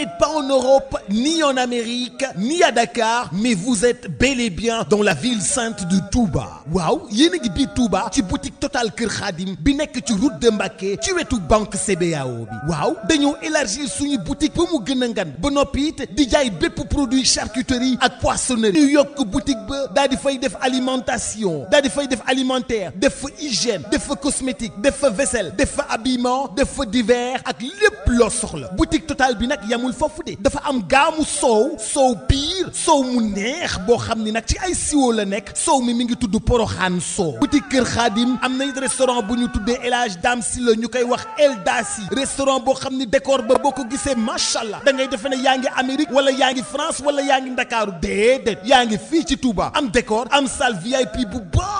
n'êtes pas en Europe, ni en Amérique, ni à Dakar, mais vous êtes bel et bien dans la ville sainte de Touba. waaw yéen a ngi biir Touba ci boutique totale Kër Khadim bi nekk ci route de Mbacké ci wetu banque CBAO bi waaw dañoo élargir suñu boutique ba mu gën a ngan ba noppi it di jaay bépp produit charcuterie ak poissonnerie ñu yokk boutique ba daa di fay def alimentation daa di fay def alimentaire def fa hygiène def fa cosmétique def fa vaisselle def fa habillement def fa divers ak lépp loo soxla boutique Total bi yemul foofu dafa am gaamu soow soow piir soow mu neex boo xam ni nag ci ay siwo la nekk soow mi mi ngi tudd poroxaan soow butik kër xaadim am nañ restaurant bu ñu tuddee El Hadj Dame si la ñu koy wax El Dasi restaurant boo xam ne décor ba boo ko gisee macha allah da ngay defe ne yaa ngi Amérique wala yaa ngi France wala yaa ngi Ndakaaru déedéet yaa ngi fii ci tuubaa am décor am salle VIP bu baax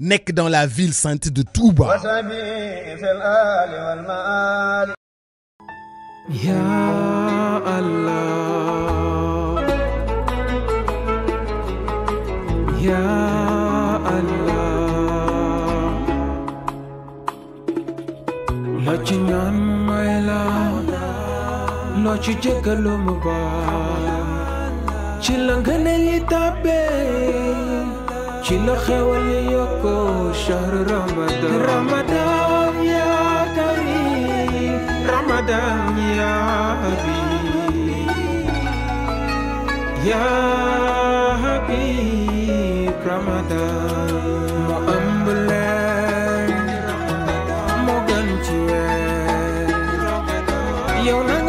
nekk dans la de Touba. yaa loo ci ñaan may la loo ci ci la nga ne ci la xewal yi shahr ramadan ya karim ramadan ya habib ramadan mu ëmb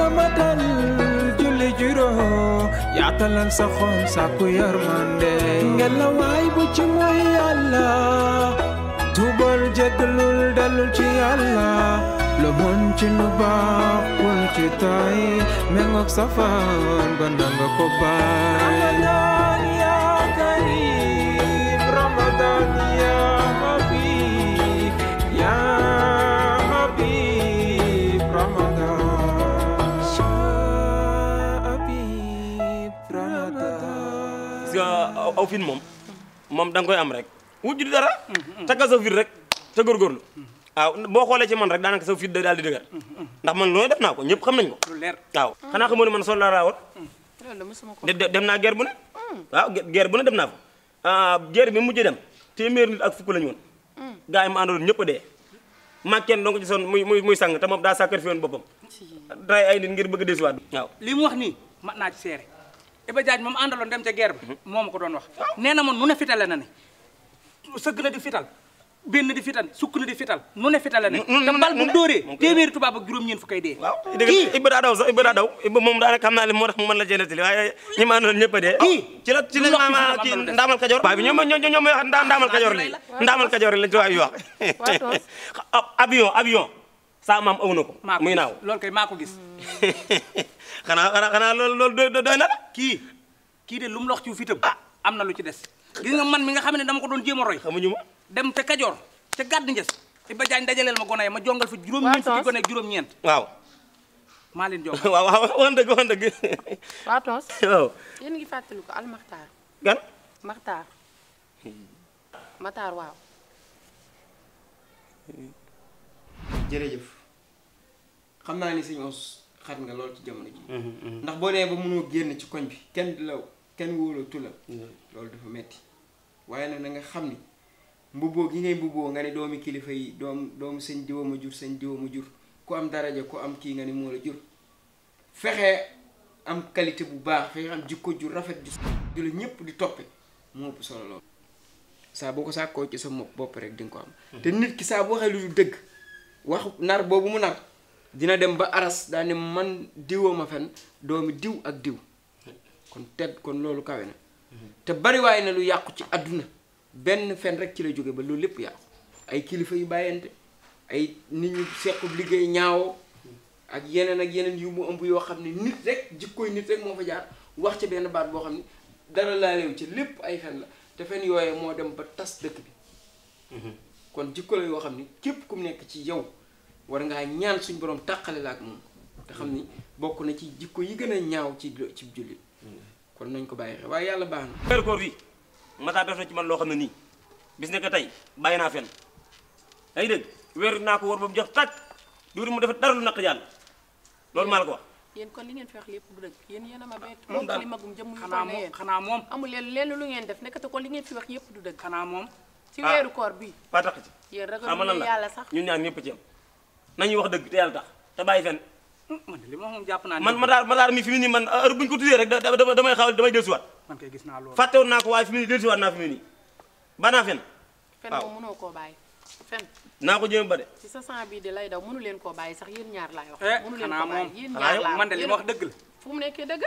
yaatalal sa xol sàkku yërmande ngela waay bu ci mooy yàlla tuubal jéggalul dellul ci yàlla lu mën ci lu baax bul ci tay mengook safaan ba nanga ko baay que aw fin moom moom danga koy am rek wujj di dara taggal sa fit rek te góorgóorlu waaw boo xoolee ci man rek daanaka sa fit da daal di dëgër ndax man loolu def naa ko ñëpp xam nañ ko lu leer waaw xanaa xamoo ne man soldat laa woon dem naa guerre bu ne hmm. waaw bu ne dem naa fa ah, guerre bi mujj dem téeméer nit ak fukk lañ woon hmm. gars yi ma àndaloon ñëpp a dee maa kenn donc ci son muy muy muy sàng te moom daa sacrifié woon boppam rey ay nit ngir bëgg a waat waaw li mu wax nii mat naa ci seere Iba Jaaj moom àndaloon dem ca guerre bi mhm. moo ma ko doon wax nee na moom nu ne fitale na ne sëgg na di fital benn di fital sukk di fital nu ne fitale na ne te bal bu tubaabu téeméeri tubaab ak juróom-ñeen fukk ay dee waaw dëgg Iba daa daw sax Iba daa daw Iba moom daa xam naa li moo tax mu mën la jëndati waaye ñi ma àndaloon ñëpp a dee kii ci la ci la maama kii ndaamal kajoor bi ñoom ñoom wax ndaamal kajoor li ndaamal kajoor li tubaab yi wax avion avion saa maam aw na ko. muy naaw loolu kay maa ko gis. xanaa xanaa xanaa loolu loolu doy na kii kii de lu mu lox ci wu fi itam. Ah. am na lu ci des. gis nga man mi nga xam ne dama ko doon jéem a roy. xamuñu ma dem te Kajoor te gàdd njës. Iba Jaañ dajaleel ma gone yi ma jongal fa juróom-ñeent waaw. maa leen jongal waaw waaw wax dëgg waaw Tons. waaw yéen ngi fàttali waaw. xam naa ni sëñ Ousou xat nga lool ci jamono ji mhm, mhm. ndax boo nee ba mënoo génn ci koñ bi kenn la kenn wóolootu la mhm. loolu dafa metti waaye nag na nga xam ni mbubboo gi ngay mbubboo nga ne doomi kilifa yi doom doomu sëñ diwa ma jur sëñ diwa ma jur ku am daraja ku am kii nga ni moo la jur fexe am qualité bu baax fexe am ju rafet ju ñëpp di toppe moo ëpp saa boo ko sàkkoo ci sa bopp rek di ko am te nit ki saa boo waxee lu dëgg wax nar boobu mu nar dina dem ba aras daa ne man diwoo ma fen doomi diw ak diw kon tedd kon loolu kawe na te bariwaay na lu yàqu ci àdduna benn fen rek ci la jóge ba loolu lépp yàqu ay kilifa yu bàyyante ay nit ñu sequb liggéey ñaawoo ak yeneen ak yeneen yu mu ëmb yoo xam ne nit rek jikkooy nit rek moo fa jaar wax ci benn baat boo xam ne dara laalewu ci lépp ay fen la te fen yooye moo dem ba tas dëkk bi mhm. kon jikko la yoo xam ne képp ku nekk ci yow war ngaa ñaan suñ boroom tàqale laa ak moom te xam ni bokk na ci jikko yi gën a ñaaw ci ci jullit kon nañ ko bàyyi xel waaye yàlla baax na weeru koor bi mataa ci man loo ne nii bis nekk tey bàyyi naa fen weer naa ko war ba mu jox tàcc duuru mu def dara naq yàlla loolu maa la ko wax yéen kon li ngeen fi wax lépp du dëgg a ma bett moom li magum jëm yu xanaa moom xanaa moom amul leen lenn lu ngeen def nekkate kon li ngeen fi wax yépp du dëgg xanaa moom ci weeru koor bi ah, pataq ci yéen ragal yàlla sax ñun ñaan ñëpp ci am nañuy wax dëgg te yàlla tax te bàyyi fen hmm, man li ma jàpp naa man mataar mataar mi fi mu nii man euh, heure bu ko tuddee rek damay xaw damay dellusiwaat man kay gis naa loolu fàttewoon naa ko waaye fi mu naa fi banaa fen fen moom mënoo koo bàyyi fen naa ko jéem ba de ci sa sang bii de lay daw mënu leen koo bàyyi sax yéen ñaar laay wax eh, mënu leen koo bàyyi yéen ñaar laa man de li ma wax dëgg la fu mu nekkee dëgg